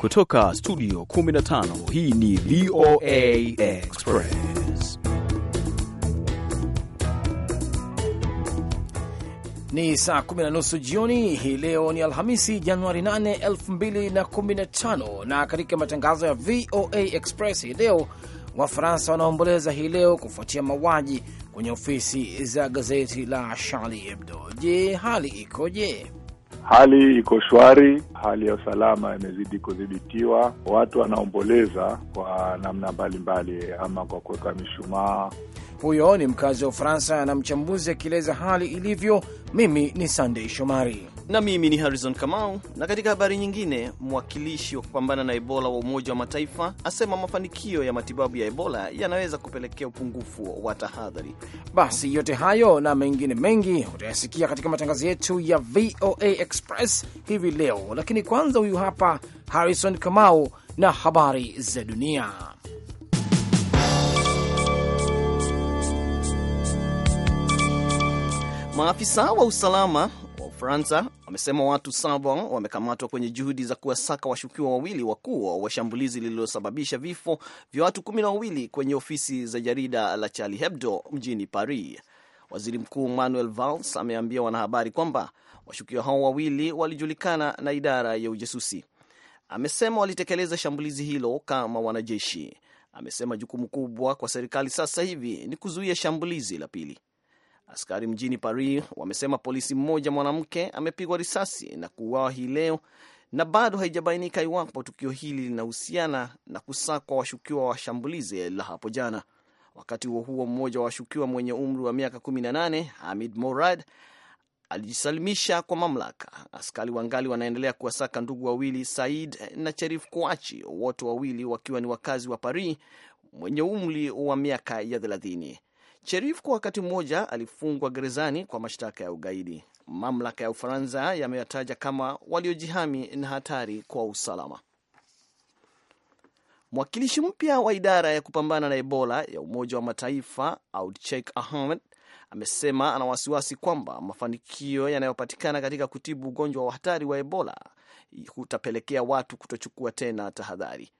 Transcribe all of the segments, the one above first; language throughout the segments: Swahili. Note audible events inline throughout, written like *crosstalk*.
Kutoka studio 15 hii ni VOA Express. Ni saa kumi na nusu jioni hii leo. Ni Alhamisi, Januari 8, 2015 na katika matangazo ya VOA Express hii leo, Wafaransa wanaomboleza hii leo kufuatia mauaji kwenye ofisi za gazeti la Shali Ebdo. Je, hali ikoje? Hali iko shwari, hali ya usalama imezidi kudhibitiwa. Watu wanaomboleza kwa namna mbalimbali, ama kwa kuweka mishumaa. Huyo ni mkazi wa Ufaransa na mchambuzi akieleza hali ilivyo. Mimi ni Sandei Shomari na mimi ni Harrison Kamau. Na katika habari nyingine, mwakilishi wa kupambana na Ebola wa Umoja wa Mataifa asema mafanikio ya matibabu ya Ebola yanaweza kupelekea upungufu wa tahadhari. Basi yote hayo na mengine mengi utayasikia katika matangazo yetu ya VOA Express hivi leo, lakini kwanza, huyu hapa Harrison Kamau na habari za dunia. Maafisa wa usalama Ufaransa wamesema watu saba wamekamatwa kwenye juhudi za kuwasaka washukiwa wawili wakuu wa shambulizi lililosababisha vifo vya watu kumi na wawili kwenye ofisi za jarida la Charlie Hebdo mjini Paris. Waziri Mkuu Manuel Valls ameambia wanahabari kwamba washukiwa hao wawili walijulikana na idara ya ujasusi. Amesema walitekeleza shambulizi hilo kama wanajeshi. Amesema jukumu kubwa kwa serikali sasa hivi ni kuzuia shambulizi la pili. Askari mjini Paris wamesema polisi mmoja mwanamke amepigwa risasi na kuuawa hii leo, na bado haijabainika iwapo tukio hili linahusiana na kusakwa washukiwa wa shambulizi la hapo jana. Wakati huo huo, mmoja wa washukiwa mwenye umri wa miaka 18 Hamid Morad alijisalimisha kwa mamlaka. Askari wangali wanaendelea kuwasaka ndugu wawili Said na Cherif Kouachi, wote wawili wakiwa ni wakazi wa Paris, mwenye umri wa miaka ya thelathini Cherif kwa wakati mmoja alifungwa gerezani kwa mashtaka ya ugaidi. Mamlaka ya Ufaransa yamewataja kama waliojihami na hatari kwa usalama. Mwakilishi mpya wa idara ya kupambana na Ebola ya Umoja wa Mataifa Aud Ahmed amesema ana wasiwasi kwamba mafanikio yanayopatikana katika kutibu ugonjwa wa hatari wa Ebola hutapelekea watu kutochukua tena tahadhari.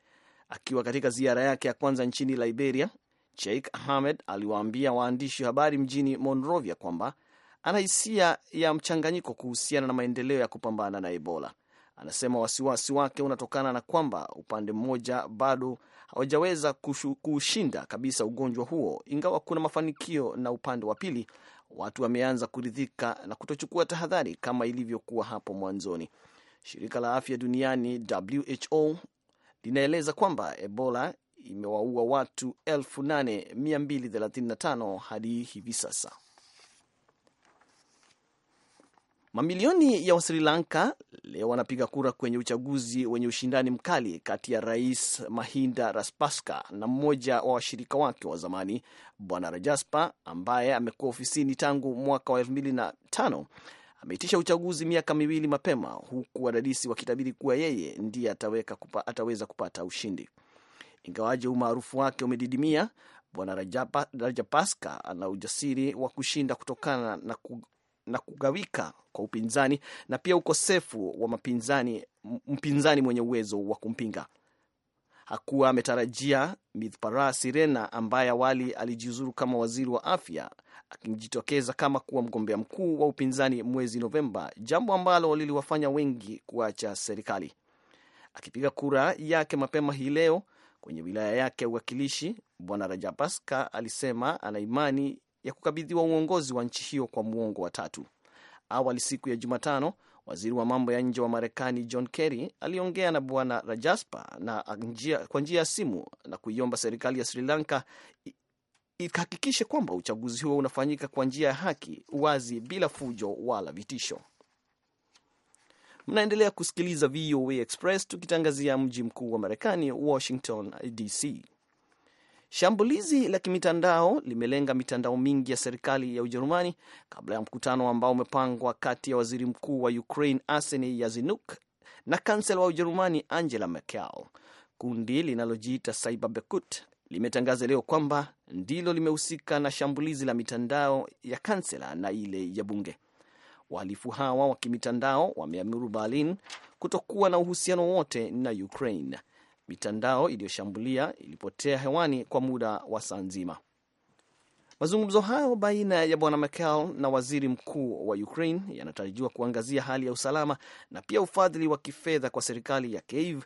Akiwa katika ziara yake ya kwanza nchini Liberia, Sheikh Ahmed aliwaambia waandishi habari mjini Monrovia kwamba ana hisia ya mchanganyiko kuhusiana na maendeleo ya kupambana na Ebola. Anasema wasiwasi wake unatokana na kwamba upande mmoja bado hawajaweza kuushinda kabisa ugonjwa huo, ingawa kuna mafanikio, na upande wa pili watu wameanza kuridhika na kutochukua tahadhari kama ilivyokuwa hapo mwanzoni. Shirika la afya duniani WHO linaeleza kwamba Ebola imewaua watu 8235 hadi hivi sasa. Mamilioni ya Wasri Lanka leo wanapiga kura kwenye uchaguzi wenye ushindani mkali kati ya Rais Mahinda Rajapaksa na mmoja wa washirika wake wa zamani Bwana rajaspa ambaye amekuwa ofisini tangu mwaka wa 2005 ameitisha uchaguzi miaka miwili mapema, huku wadadisi wakitabiri kuwa yeye ndiye kupa, ataweza kupata ushindi. Ingawaje umaarufu wake umedidimia, Bwana Rajapaksa ana ujasiri wa kushinda kutokana na, ku, na kugawika kwa upinzani na pia ukosefu wa mapinzani, mpinzani mwenye uwezo wa kumpinga. Hakuwa ametarajia Mithpara Sirena ambaye awali alijiuzuru kama waziri wa afya akijitokeza kama kuwa mgombea mkuu wa upinzani mwezi Novemba, jambo ambalo liliwafanya wengi kuacha serikali. Akipiga kura yake mapema hii leo, kwenye wilaya yake ya uwakilishi, Bwana Rajapaksa alisema ana imani ya kukabidhiwa uongozi wa nchi hiyo kwa muongo wa tatu. Awali siku ya Jumatano, waziri wa mambo ya nje wa Marekani John Kerry aliongea na Bwana rajaspa na kwa njia ya simu na kuiomba serikali ya Sri Lanka ikahakikishe kwamba uchaguzi huo unafanyika kwa njia ya haki, uwazi, bila fujo wala vitisho. Mnaendelea kusikiliza VOA Express tukitangazia mji mkuu wa Marekani, Washington DC. Shambulizi la kimitandao limelenga mitandao mingi ya serikali ya Ujerumani kabla ya mkutano ambao umepangwa kati ya waziri mkuu wa Ukraine Arseniy Yazinuk na kansela wa Ujerumani Angela Merkel. Kundi linalojiita Bekut limetangaza leo kwamba ndilo limehusika na shambulizi la mitandao ya kansela na ile ya bunge. Wahalifu hawa wa kimitandao wameamuru Berlin kutokuwa na uhusiano wote na Ukraine. Mitandao iliyoshambulia ilipotea hewani kwa muda wa saa nzima. Mazungumzo hayo baina ya bwana Merkel na waziri mkuu wa Ukraine yanatarajiwa kuangazia hali ya usalama na pia ufadhili wa kifedha kwa serikali ya Kiev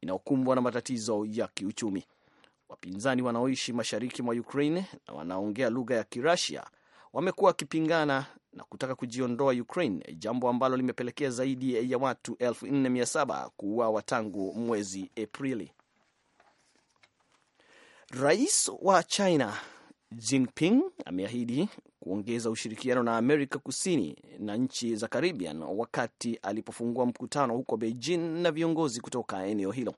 inayokumbwa na matatizo ya kiuchumi. Wapinzani wanaoishi mashariki mwa Ukraine na wanaongea lugha ya Kirasia wamekuwa wakipingana na kutaka kujiondoa Ukraine, jambo ambalo limepelekea zaidi ya watu 47 kuuawa tangu mwezi Aprili. Rais wa China Jinping ameahidi kuongeza ushirikiano na Amerika Kusini na nchi za Caribbean wakati alipofungua mkutano huko Beijing na viongozi kutoka eneo hilo.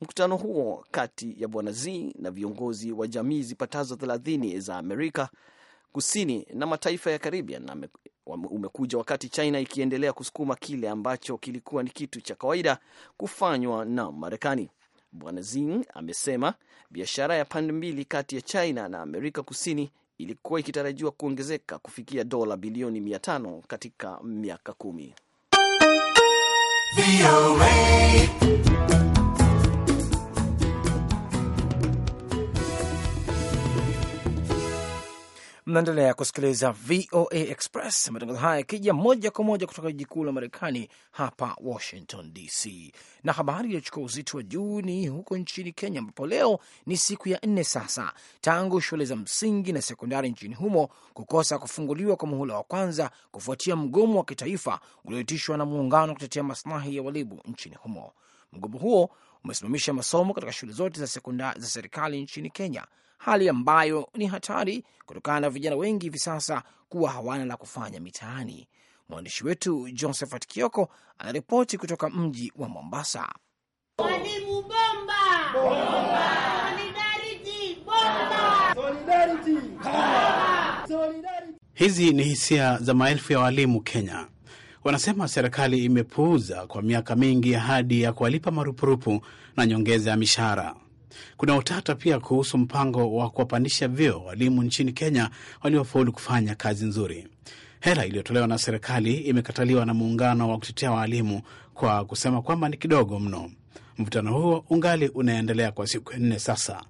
Mkutano huo kati ya Bwana Xi na viongozi wa jamii zipatazo 30 za Amerika Kusini na mataifa ya Caribbean umekuja wakati China ikiendelea kusukuma kile ambacho kilikuwa ni kitu cha kawaida kufanywa na Marekani. Bwana zing amesema biashara ya pande mbili kati ya China na Amerika Kusini ilikuwa ikitarajiwa kuongezeka kufikia dola bilioni tano katika miaka kumi. Mnaendelea kusikiliza VOA Express, matangazo haya yakija moja kwa moja kutoka jiji kuu la Marekani hapa Washington DC. Na habari iliyochukua uzito wa juu ni huko nchini Kenya, ambapo leo ni siku ya nne sasa tangu shule za msingi na sekondari nchini humo kukosa kufunguliwa kwa muhula wa kwanza kufuatia mgomo wa kitaifa ulioitishwa na muungano wa kutetea maslahi ya walimu nchini humo. Mgomo huo umesimamisha masomo katika shule zote za sekondari za serikali nchini Kenya hali ambayo ni hatari kutokana na vijana wengi hivi sasa kuwa hawana la kufanya mitaani. Mwandishi wetu Josephat Kioko anaripoti kutoka mji wa Mombasa. Walimu bomba! Bomba! Solidarity bomba! Solidarity! Solidarity! Hizi ni hisia za maelfu ya walimu Kenya. Wanasema serikali imepuuza kwa miaka mingi ahadi ya kuwalipa marupurupu na nyongeza ya mishahara. Kuna utata pia kuhusu mpango wa kuwapandisha vyeo walimu nchini Kenya waliofaulu kufanya kazi nzuri. Hela iliyotolewa na serikali imekataliwa na muungano wa kutetea waalimu kwa kusema kwamba ni kidogo mno. Mvutano huo ungali unaendelea kwa siku nne sasa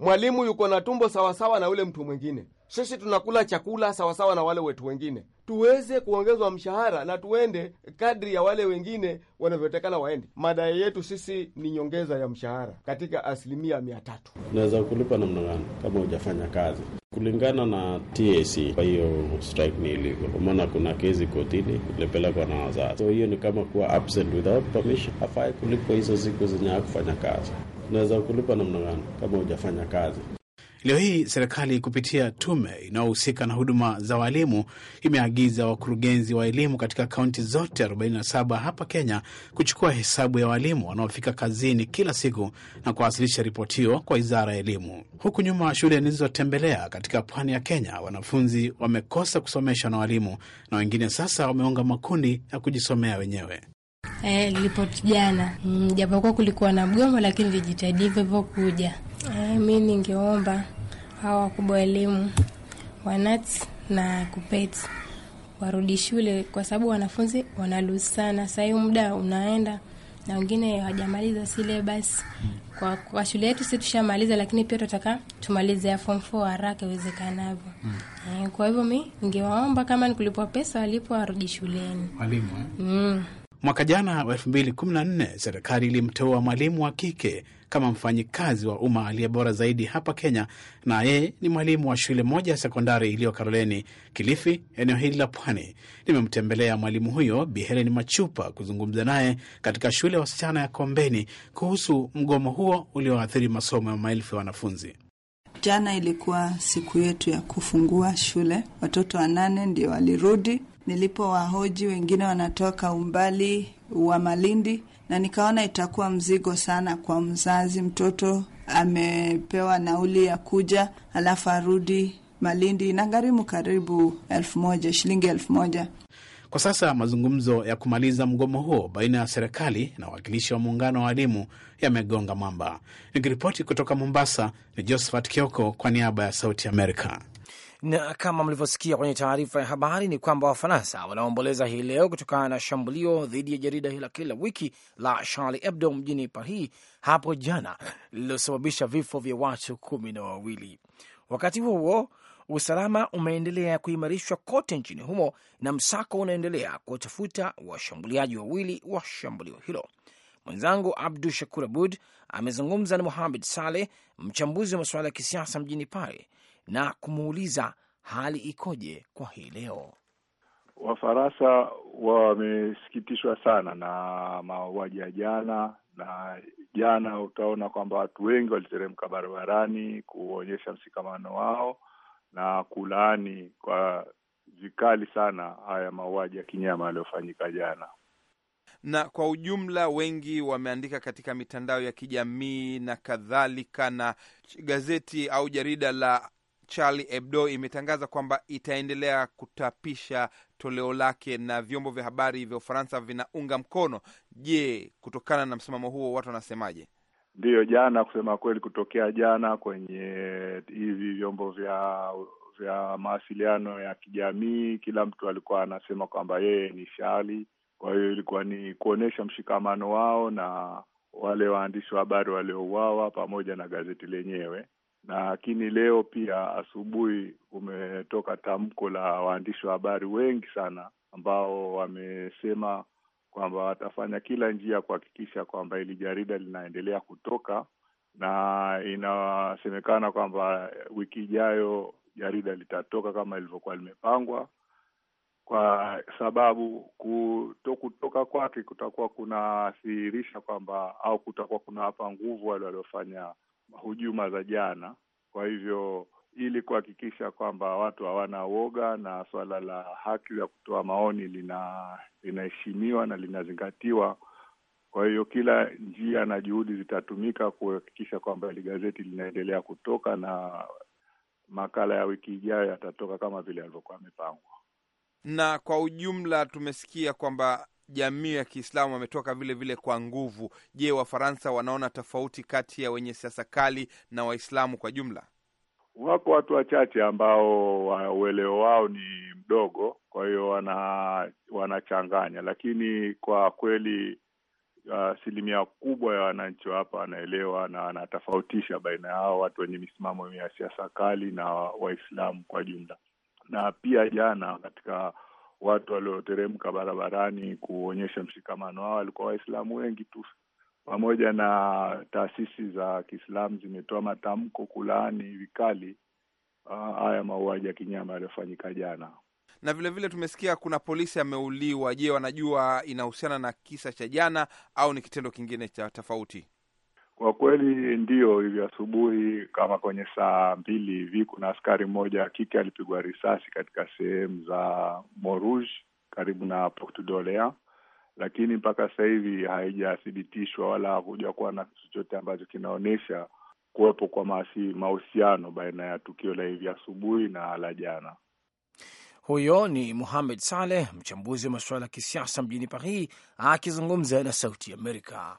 mwalimu yuko na tumbo sawasawa na yule mtu mwingine, sisi tunakula chakula sawasawa na wale wetu wengine, tuweze kuongezwa mshahara na tuende kadri ya wale wengine wanavyotekana waende. Madai yetu sisi ni nyongeza ya mshahara katika asilimia mia tatu. Unaweza kulipa namna gani kama hujafanya kazi kulingana na TAC? Kwa hiyo strike ni ilivyo, kwa maana kuna kesi kotini ilipelekwa na wazazi, so hiyo ni kama kuwa absent without permission, kulipwa hizo siku zenye hakufanya kazi tunaweza kulipa namna gani kama hujafanya kazi? Leo hii serikali kupitia tume inayohusika na huduma za walimu imeagiza wakurugenzi wa elimu katika kaunti zote 47 hapa Kenya kuchukua hesabu ya walimu wanaofika kazini kila siku na kuwasilisha ripoti hiyo kwa wizara ya elimu. Huku nyuma, shule nilizotembelea katika pwani ya Kenya, wanafunzi wamekosa kusomeshwa na walimu na wengine sasa wameunga makundi ya kujisomea wenyewe eh, lilipoti jana mm, japokuwa kulikuwa na mgomo, lakini vijitahidi hivyo hivyo kuja. Eh, mi ningeomba hawa wakubwa elimu wanati na kupet warudi shule, kwa sababu wanafunzi wanaluzi sana sahii, muda unaenda na wengine hawajamaliza silebasi kwa, kwa shule yetu si tushamaliza, lakini pia tunataka tumalize ya form 4 haraka iwezekanavyo. Mm. E, kwa hivyo mi ningewaomba kama nikulipwa pesa walipo warudi shuleni walimu eh? mm. Mwaka jana wa nne serikali ilimteua mwalimu wa kike kama mfanyikazi wa umma aliye bora zaidi hapa Kenya, na yeye ni mwalimu wa shule moja ya sekondari iliyo Karoleni, Kilifi, eneo hili la Pwani. Nimemtembelea mwalimu huyo Bi Helen Machupa kuzungumza naye katika shule ya wasichana ya Kombeni kuhusu mgomo huo ulioathiri masomo ya maelfu ya wanafunzi. Jana ilikuwa siku yetu ya kufungua shule, watoto wanane ndio walirudi. Nilipowahoji, wengine wanatoka umbali wa Malindi, na nikaona itakuwa mzigo sana kwa mzazi. Mtoto amepewa nauli ya kuja, alafu arudi Malindi, gharimu karibu elfu moja shilingi elfu moja. Kwa sasa mazungumzo ya kumaliza mgomo huo baina ya serikali na wawakilishi wa muungano wa walimu yamegonga mwamba. Nikiripoti kutoka Mombasa ni Josephat Kioko kwa niaba ya Sauti Amerika. Na kama mlivyosikia kwenye taarifa ya habari ni kwamba Wafaransa wanaomboleza hii leo kutokana na shambulio dhidi ya jarida la kila wiki la Charlie Hebdo mjini Paris hapo jana lililosababisha vifo vya watu kumi na wawili. Wakati huo huo, usalama umeendelea kuimarishwa kote nchini humo na msako unaendelea kuwatafuta washambuliaji wawili wa shambulio hilo. Mwenzangu Abdu Shakur Abud amezungumza na muhamed Saleh, mchambuzi wa masuala ya kisiasa mjini Paris, na kumuuliza hali ikoje kwa hii leo. Wafaransa wamesikitishwa sana na mauaji ya jana na jana, utaona kwamba watu wengi waliteremka barabarani kuonyesha mshikamano wao na kulaani kwa vikali sana haya mauaji ya kinyama yaliyofanyika jana na kwa ujumla wengi wameandika katika mitandao ya kijamii na kadhalika, na gazeti au jarida la Charlie Hebdo imetangaza kwamba itaendelea kutapisha toleo lake na vyombo vya habari vya Ufaransa vinaunga mkono. Je, kutokana na msimamo huo watu wanasemaje? Ndiyo, jana kusema kweli, kutokea jana kwenye hivi vyombo vya vya mawasiliano ya kijamii, kila mtu alikuwa anasema kwamba yeye ni shali kwa hiyo ilikuwa ni kuonyesha mshikamano wao na wale waandishi wa habari waliouawa pamoja na gazeti lenyewe. Lakini leo pia asubuhi umetoka tamko la waandishi wa habari wengi sana ambao wamesema kwamba watafanya kila njia kuhakikisha kwamba hili jarida linaendelea kutoka, na inasemekana kwamba wiki ijayo jarida litatoka kama ilivyokuwa limepangwa, kwa sababu kutoka kwake kutakuwa kunathihirisha kwamba au kutakuwa kunawapa nguvu wale waliofanya hujuma za jana. Kwa hivyo ili kuhakikisha kwamba watu hawana woga na suala la haki ya kutoa maoni lina linaheshimiwa na linazingatiwa. Kwa hiyo kila njia na juhudi zitatumika kuhakikisha kwamba hili gazeti linaendelea kutoka na makala ya wiki ijayo yatatoka kama vile alivyokuwa amepangwa na kwa ujumla tumesikia kwamba jamii ya Kiislamu wametoka vile vile kwa nguvu. Je, Wafaransa wanaona tofauti kati ya wenye siasa kali na Waislamu kwa jumla? Wako watu wachache ambao uelewa wao ni mdogo, kwa hiyo wana wanachanganya, lakini kwa kweli uh, asilimia uh, kubwa ya wananchi hapa wanaelewa na wanatofautisha baina yao watu wenye misimamo ya siasa kali na Waislamu kwa jumla na pia jana katika watu walioteremka barabarani kuonyesha mshikamano wao walikuwa Waislamu wengi tu, pamoja na taasisi za Kiislamu zimetoa matamko kulaani vikali uh, haya mauaji ya kinyama yaliyofanyika jana. Na vilevile vile tumesikia kuna polisi ameuliwa. Je, wanajua inahusiana na kisa cha jana au ni kitendo kingine cha tofauti? Kwa kweli ndiyo, hivi asubuhi kama kwenye saa mbili hivi kuna askari mmoja wa kike alipigwa risasi katika sehemu za Moruj karibu na portdolea Dolea, lakini mpaka sasa hivi haijathibitishwa wala hakuja kuwa na kitu chochote ambacho kinaonyesha kuwepo kwa mahusiano baina ya tukio la hivi asubuhi na la jana. Huyo ni Muhamed Saleh, mchambuzi wa masuala ya kisiasa mjini Paris, akizungumza na Sauti Amerika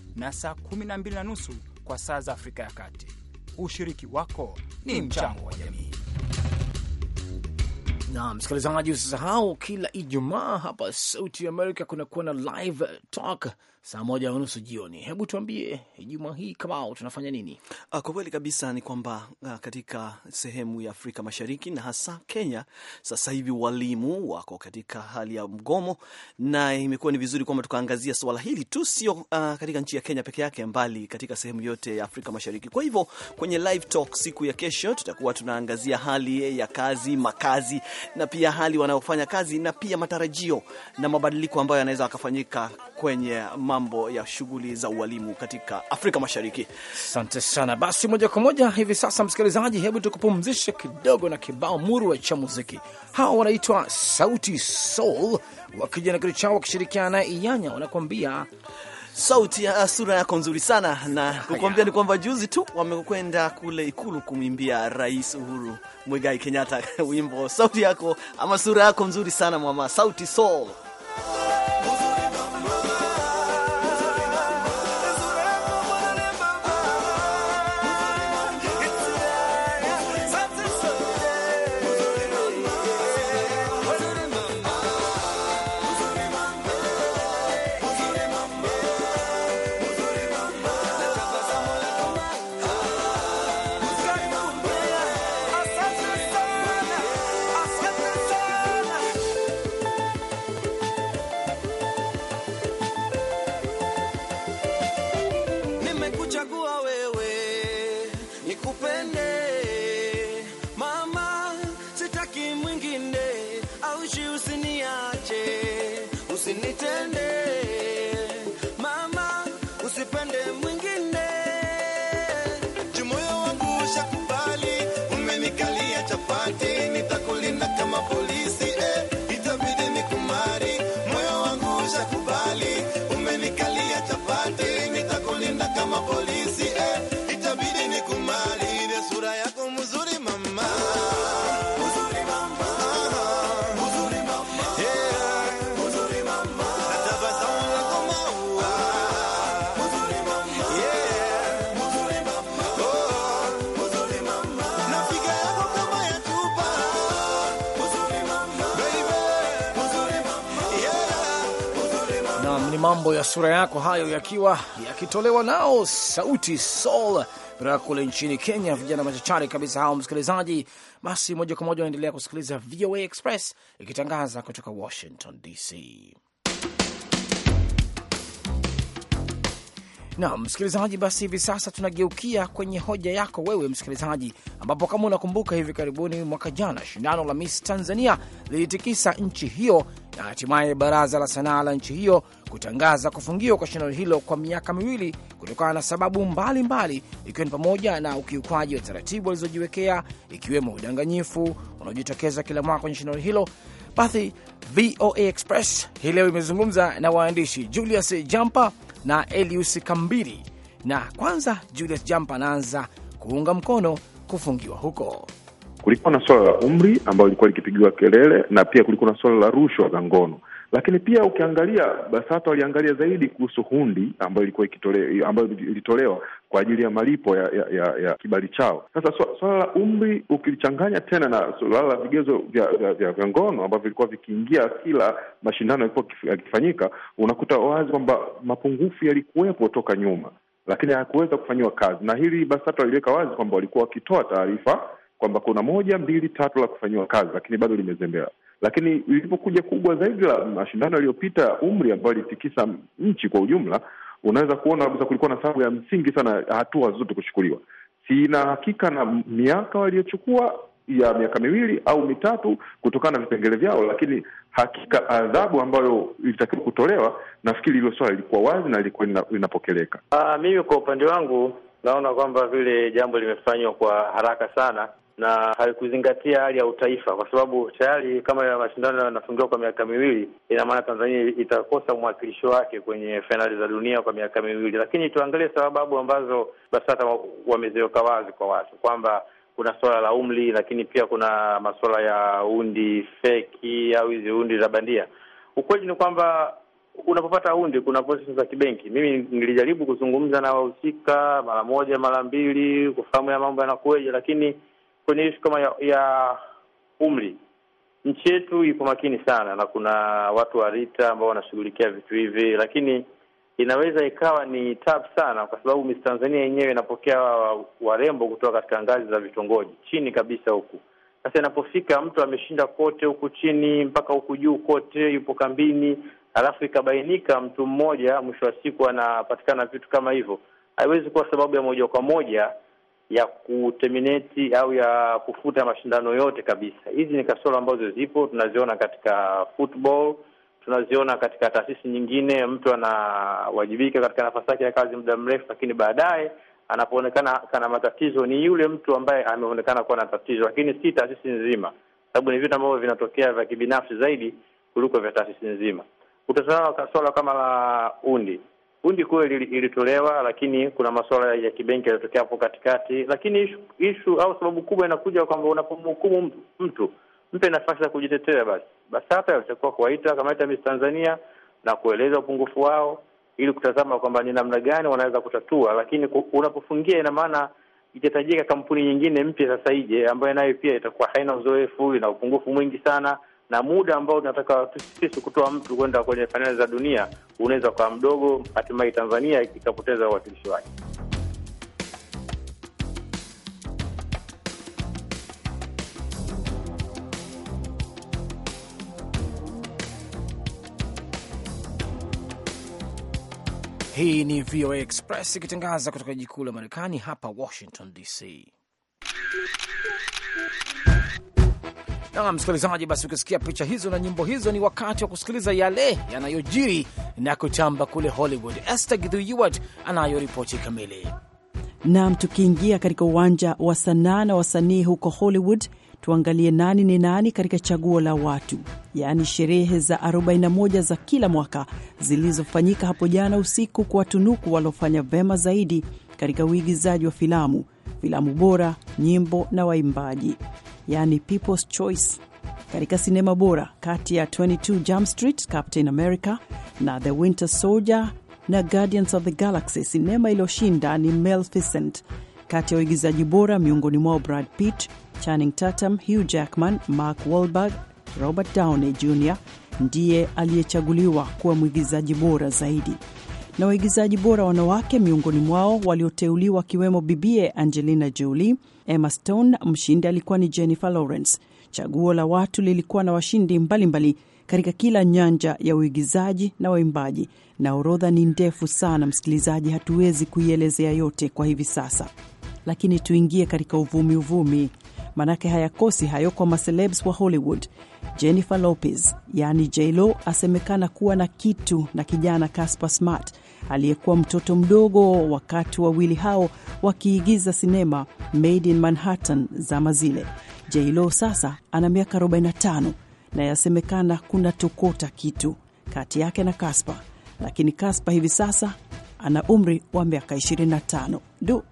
na saa 12 na nusu kwa saa za Afrika ya Kati. Ushiriki wako ni mchango wa jamii na msikilizaji, usisahau kila Ijumaa hapa Sauti ya Amerika kunakuwa na live talk saa moja nusu jioni. Hebu tuambie Ijumaa hii kama tunafanya nini? Ah, kwa kweli kabisa ni kwamba ah, katika sehemu ya Afrika Mashariki na hasa Kenya, sasa hivi walimu wako katika hali ya mgomo, na imekuwa ni vizuri kwamba tukaangazia swala hili tu, sio uh, katika nchi ya Kenya peke yake, mbali katika sehemu yote ya Afrika Mashariki. Kwa hivyo kwenye live talk siku ya kesho tutakuwa tunaangazia hali ya kazi, makazi na pia hali wanayofanya kazi na pia matarajio na mabadiliko ambayo yanaweza akafanyika kwenye mambo ya shughuli za ualimu katika Afrika Mashariki. Asante sana. Basi moja kwa moja hivi sasa, msikilizaji, hebu tukupumzishe kidogo na kibao murwa cha muziki. Hawa wanaitwa Sauti Soul wakija na kitu chao wakishirikiana na Iyanya wanakuambia sauti ya sura yako nzuri sana na kukuambia ni kwamba juzi tu wamekwenda kule Ikulu kumwimbia Rais Uhuru Mwigai Kenyatta *laughs* wimbo sauti yako ama sura yako nzuri sana mama, sauti soul usinitende mambo ya sura yako hayo yakiwa yakitolewa nao sauti Sol kutoka kule nchini Kenya, vijana machachari kabisa hao, msikilizaji. Basi moja kwa moja unaendelea kusikiliza VOA Express ikitangaza kutoka Washington DC. na msikilizaji, basi hivi sasa tunageukia kwenye hoja yako wewe msikilizaji, ambapo kama unakumbuka, hivi karibuni mwaka jana shindano la Miss Tanzania lilitikisa nchi hiyo na hatimaye baraza la sanaa la nchi hiyo kutangaza kufungiwa kwa shindano hilo kwa miaka miwili kutokana na sababu mbalimbali, ikiwa ni pamoja na ukiukwaji wa taratibu walizojiwekea ikiwemo udanganyifu unaojitokeza kila mwaka kwenye shindano hilo. Basi VOA Express hii leo imezungumza na waandishi Julius Jampa na Elius Kambiri. Na kwanza Julius Jampa anaanza kuunga mkono kufungiwa huko. Kulikuwa na swala la umri ambayo ilikuwa likipigiwa kelele, na pia kulikuwa na swala la rushwa za ngono lakini pia ukiangalia BASATA waliangalia zaidi kuhusu hundi ambayo ilikuwa ambayo ilitolewa kwa ajili ya malipo ya, ya, ya, ya kibali chao. Sasa swala so, la umri ukilichanganya tena na suala la vigezo vya, vya, vya, vya ngono ambavyo vilikuwa vikiingia kila mashindano yalikuwa yakifanyika, unakuta wazi kwamba mapungufu yalikuwepo toka nyuma, lakini hayakuweza kufanyiwa kazi, na hili BASATA waliweka wazi kwamba walikuwa wakitoa taarifa kwamba kuna moja mbili tatu la kufanyiwa kazi, lakini bado limezembea. Lakini ilipokuja kubwa zaidi la mashindano yaliyopita umri ambayo ilitikisa nchi kwa ujumla, unaweza kuona kabisa kulikuwa na sababu ya msingi sana hatua zote kuchukuliwa. Sina hakika na miaka waliochukua ya miaka miwili au mitatu kutokana na vipengele vyao, lakini hakika adhabu ambayo ilitakiwa kutolewa, nafikiri hilo swala lilikuwa wazi na lilikuwa linapokeleka. Ah, mimi kwa upande wangu naona kwamba vile jambo limefanywa kwa haraka sana, na haikuzingatia hali ya utaifa, kwa sababu tayari kama ya mashindano yanafungiwa kwa miaka miwili, ina maana Tanzania itakosa mwakilishi wake kwenye fainali za dunia kwa miaka miwili. Lakini tuangalie sababu ambazo BASATA wameziweka wazi kwa watu kwamba kuna suala la umri, lakini pia kuna masuala ya undi feki au hizi undi za bandia. Ukweli ni kwamba unapopata undi kuna process za kibenki. Mimi nilijaribu kuzungumza na wahusika mara moja mara mbili kufahamu ya mambo yanakuweje, lakini kwenye ishu kama ya, ya umri, nchi yetu ipo makini sana, na kuna watu wa RITA ambao wanashughulikia vitu hivi, lakini inaweza ikawa ni tab sana, kwa sababu Miss Tanzania yenyewe inapokea warembo kutoka katika ngazi za vitongoji chini kabisa huku. Sasa inapofika mtu ameshinda kote huku chini mpaka huku juu, kote yupo kambini, alafu ikabainika mtu mmoja mwisho wa siku anapatikana vitu kama hivyo, haiwezi kuwa sababu ya moja kwa moja ya kuterminate au ya kufuta mashindano yote kabisa. Hizi ni kasoro ambazo zipo, tunaziona katika football, tunaziona katika taasisi nyingine. Mtu anawajibika katika nafasi yake ya kazi muda mrefu, lakini baadaye anapoonekana kana matatizo ni yule mtu ambaye ameonekana kuwa na tatizo, lakini si taasisi nzima, sababu ni vitu ambavyo vinatokea vya kibinafsi zaidi kuliko vya taasisi nzima. Utasema kasoro kama la undi kundi kuu ilitolewa, lakini kuna masuala ya kibenki yalitokea hapo katikati. Lakini ishu, ishu au sababu kubwa inakuja kwamba unapomhukumu mtu, mtu mpe nafasi ya kujitetea. Basi hapa alitakiwa kuwaita kamati ya Miss Tanzania na kueleza upungufu wao ili kutazama kwamba ni namna gani wanaweza kutatua, lakini unapofungia ina maana itahitajika kampuni nyingine mpya sasa ije, ambayo nayo pia itakuwa haina uzoefu, ina upungufu mwingi sana na muda ambao unataka sisi kutoa mtu kwenda kwenye fainali za dunia unaweza ukawa mdogo, hatimaye Tanzania ikapoteza uwakilishi wake. Hii ni VOA Express ikitangaza kutoka jiji kuu la Marekani hapa Washington DC. Naam ah, msikilizaji, basi ukisikia picha hizo na nyimbo hizo, ni wakati wa kusikiliza yale yanayojiri na kutamba kule Hollywood. Esther Githuiwat anayo ripoti kamili. Naam, tukiingia katika uwanja wa sanaa na wasanii huko Hollywood, tuangalie nani ni nani katika chaguo la watu, yaani sherehe za 41 za kila mwaka zilizofanyika hapo jana usiku kwa watunuku waliofanya vema zaidi katika uigizaji wa filamu, filamu bora, nyimbo na waimbaji yani People's Choice katika sinema bora kati ya 22 Jump Street, Captain America na The Winter Soldier na Guardians of the Galaxy. Sinema iliyoshinda ni Maleficent. Kati ya waigizaji bora miongoni mwao Brad Pitt, Channing Tatum, Hugh Jackman, Mark Wahlberg, Robert Downey Jr ndiye aliyechaguliwa kuwa mwigizaji bora zaidi. Na waigizaji bora wanawake miongoni mwao walioteuliwa akiwemo bibie Angelina Jolie Emma Stone, mshindi alikuwa ni Jennifer Lawrence. Chaguo la watu lilikuwa na washindi mbalimbali katika kila nyanja ya uigizaji na waimbaji, na orodha ni ndefu sana, msikilizaji, hatuwezi kuielezea yote kwa hivi sasa, lakini tuingie katika uvumi uvumi manake hayakosi hayo kwa maselebs wa Hollywood. Jennifer Lopez yaani JLo asemekana kuwa na kitu na kijana Casper Smart aliyekuwa mtoto mdogo wakati wawili hao wakiigiza sinema Made in Manhattan zama zile. Jlo sasa ana miaka 45 na yasemekana kuna tokota kitu kati yake na Kaspa, lakini Kaspa hivi sasa ana umri wa miaka 25. Du.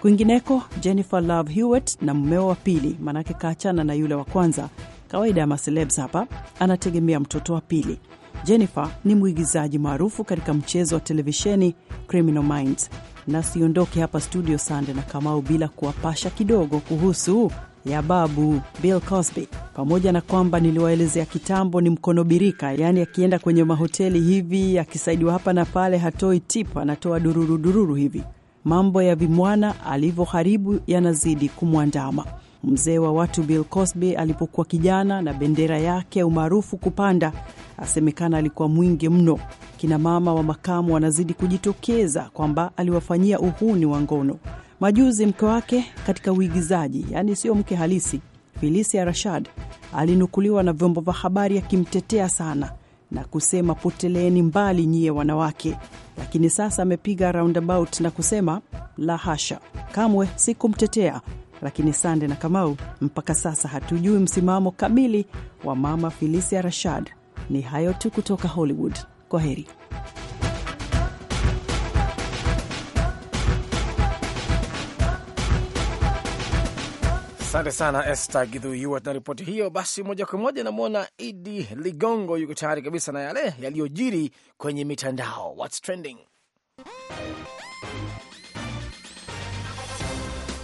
Kwingineko, Jennifer Love Hewitt na mmeo wa pili, manake kaachana na yule wa kwanza. Kawaida ya maselebs hapa, anategemea mtoto wa pili. Jennifer ni mwigizaji maarufu katika mchezo wa televisheni Criminal Minds. Na siondoke hapa studio Sande na Kamau bila kuwapasha kidogo kuhusu ya babu Bill Cosby. Pamoja na kwamba niliwaelezea kitambo ni mkono birika, yaani akienda kwenye mahoteli hivi akisaidiwa hapa na pale, hatoi tip, anatoa dururudururu hivi. Mambo ya vimwana alivyoharibu yanazidi kumwandama mzee wa watu Bill Cosby alipokuwa kijana na bendera yake ya umaarufu kupanda, asemekana alikuwa mwingi mno. Kina mama wa makamu wanazidi kujitokeza kwamba aliwafanyia uhuni wa ngono. Majuzi mke wake katika uigizaji, yaani sio mke halisi, Felicia Rashad alinukuliwa na vyombo vya habari akimtetea sana na kusema poteleeni mbali nyiye wanawake, lakini sasa amepiga roundabout na kusema la hasha, kamwe sikumtetea, lakini Sande na Kamau, mpaka sasa hatujui msimamo kamili wa mama Felicia Rashad. Ni hayo tu kutoka Hollywood, kwa heri. Asante sana esta Gidhuyuat na ripoti hiyo. Basi moja kwa moja namwona Idi Ligongo yuko tayari kabisa na yale yaliyojiri kwenye mitandao. What's trending?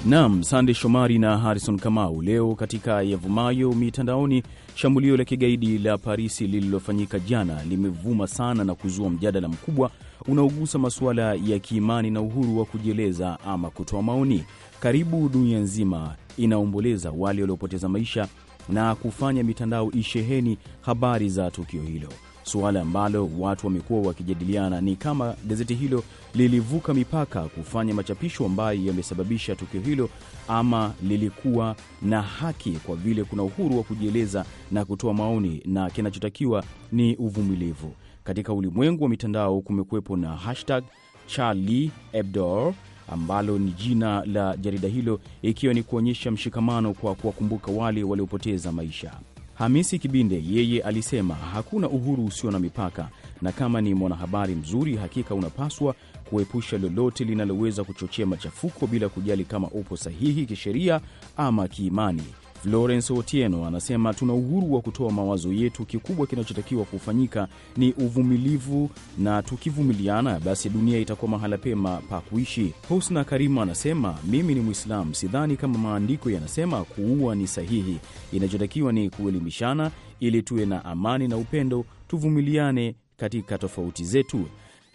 Nam Sande Shomari na Harrison Kamau. Leo katika yavumayo mitandaoni, shambulio la kigaidi la Parisi lililofanyika jana limevuma sana na kuzua mjadala mkubwa unaogusa masuala ya kiimani na uhuru wa kujieleza ama kutoa maoni. Karibu dunia nzima inaomboleza wale waliopoteza maisha na kufanya mitandao isheheni habari za tukio hilo suala ambalo watu wamekuwa wakijadiliana ni kama gazeti hilo lilivuka mipaka kufanya machapisho ambayo yamesababisha tukio hilo, ama lilikuwa na haki, kwa vile kuna uhuru wa kujieleza na kutoa maoni, na kinachotakiwa ni uvumilivu. Katika ulimwengu wa mitandao kumekuwepo na hashtag Charlie ebdor ambalo ni jina la jarida hilo, ikiwa ni kuonyesha mshikamano kwa kuwakumbuka wale waliopoteza maisha. Hamisi Kibinde yeye alisema hakuna uhuru usio na mipaka, na kama ni mwanahabari mzuri, hakika unapaswa kuepusha lolote linaloweza kuchochea machafuko bila kujali kama upo sahihi kisheria ama kiimani. Florence Otieno anasema tuna uhuru wa kutoa mawazo yetu, kikubwa kinachotakiwa kufanyika ni uvumilivu, na tukivumiliana, basi dunia itakuwa mahala pema pa kuishi. Husna karimu anasema mimi ni Mwislamu, sidhani kama maandiko yanasema kuua ni sahihi. Inachotakiwa ni kuelimishana ili tuwe na amani na upendo, tuvumiliane katika tofauti zetu.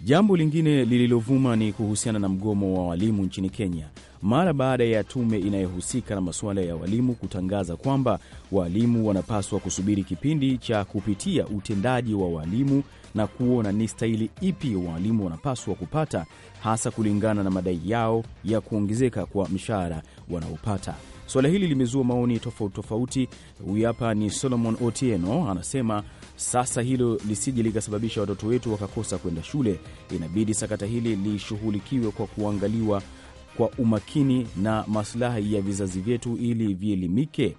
Jambo lingine lililovuma ni kuhusiana na mgomo wa walimu nchini Kenya mara baada ya tume inayohusika na masuala ya walimu kutangaza kwamba walimu wanapaswa kusubiri kipindi cha kupitia utendaji wa walimu na kuona ni stahili ipi walimu wanapaswa kupata, hasa kulingana na madai yao ya kuongezeka kwa mshahara wanaopata. Suala hili limezua maoni tofauti tofauti. Huyu hapa ni Solomon Otieno, anasema sasa hilo lisije likasababisha watoto wetu wakakosa kwenda shule. Inabidi sakata hili lishughulikiwe kwa kuangaliwa kwa umakini na maslahi ya vizazi vyetu ili vielimike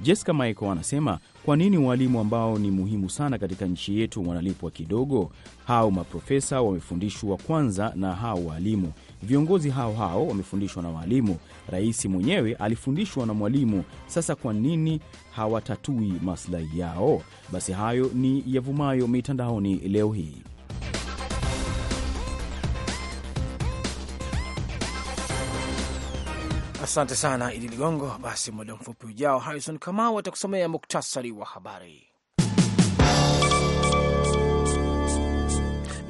Jessica Michael anasema kwa nini walimu ambao ni muhimu sana katika nchi yetu wanalipwa kidogo? Hao maprofesa wamefundishwa kwanza na hao waalimu, viongozi hao hao wamefundishwa na waalimu, rais mwenyewe alifundishwa na mwalimu. Sasa kwa nini hawatatui maslahi yao? Basi hayo ni yavumayo mitandaoni leo hii. Asante sana Idi Ligongo. Basi muda mfupi ujao, Harrison Kamau atakusomea muktasari wa habari.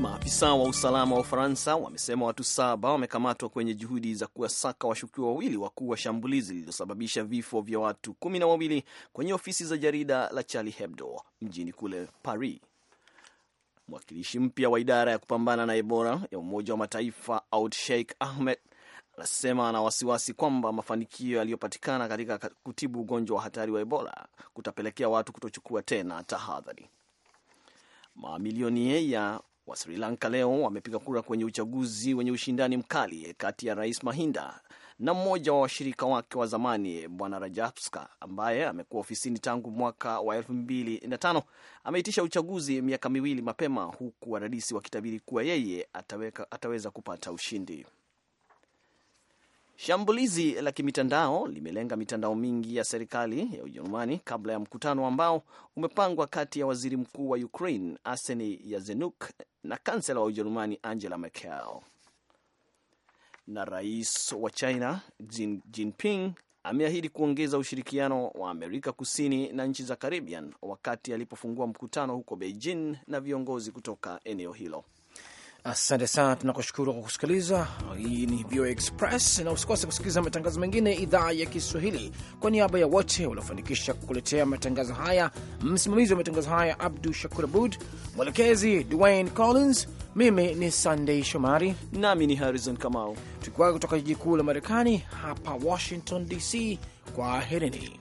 Maafisa wa usalama wa Ufaransa wamesema watu saba wamekamatwa kwenye juhudi za kuwasaka washukiwa wawili wakuu wa shambulizi lililosababisha vifo vya watu kumi na wawili kwenye ofisi za jarida la Charlie Hebdo mjini kule Paris. Mwakilishi mpya wa idara ya kupambana na Ebola ya Umoja wa Mataifa Out Sheikh Ahmed anasema ana wasiwasi kwamba mafanikio yaliyopatikana katika kutibu ugonjwa wa hatari wa Ebola kutapelekea watu kutochukua tena tahadhari. Mamilioni ya wa Sri Lanka leo wamepiga kura kwenye uchaguzi wenye ushindani mkali kati ya Rais Mahinda na mmoja wa washirika wake wa zamani Bwana Rajapaksa ambaye amekuwa ofisini tangu mwaka wa 25 ameitisha uchaguzi miaka miwili mapema, huku wadadisi wakitabiri kuwa yeye ataweka, ataweza kupata ushindi. Shambulizi la kimitandao limelenga mitandao mingi ya serikali ya Ujerumani kabla ya mkutano ambao umepangwa kati ya waziri mkuu wa Ukraine Arseni Yazenuk na kansela wa Ujerumani Angela Merkel. Na rais wa China Jin, Jinping ameahidi kuongeza ushirikiano wa Amerika Kusini na nchi za Caribbean wakati alipofungua mkutano huko Beijing na viongozi kutoka eneo hilo. Asante sana, tunakushukuru kwa kusikiliza. Hii ni VOA Express, na usikose kusikiliza matangazo mengine idhaa ya Kiswahili. Kwa niaba ya wote waliofanikisha kukuletea matangazo haya, msimamizi wa matangazo haya Abdu Shakur Abud, mwelekezi Dwayne Collins, mimi ni Sandei Shomari nami ni Harrison Kamau, tukiwaa kutoka jiji kuu la Marekani hapa Washington DC. kwa Kwaherini.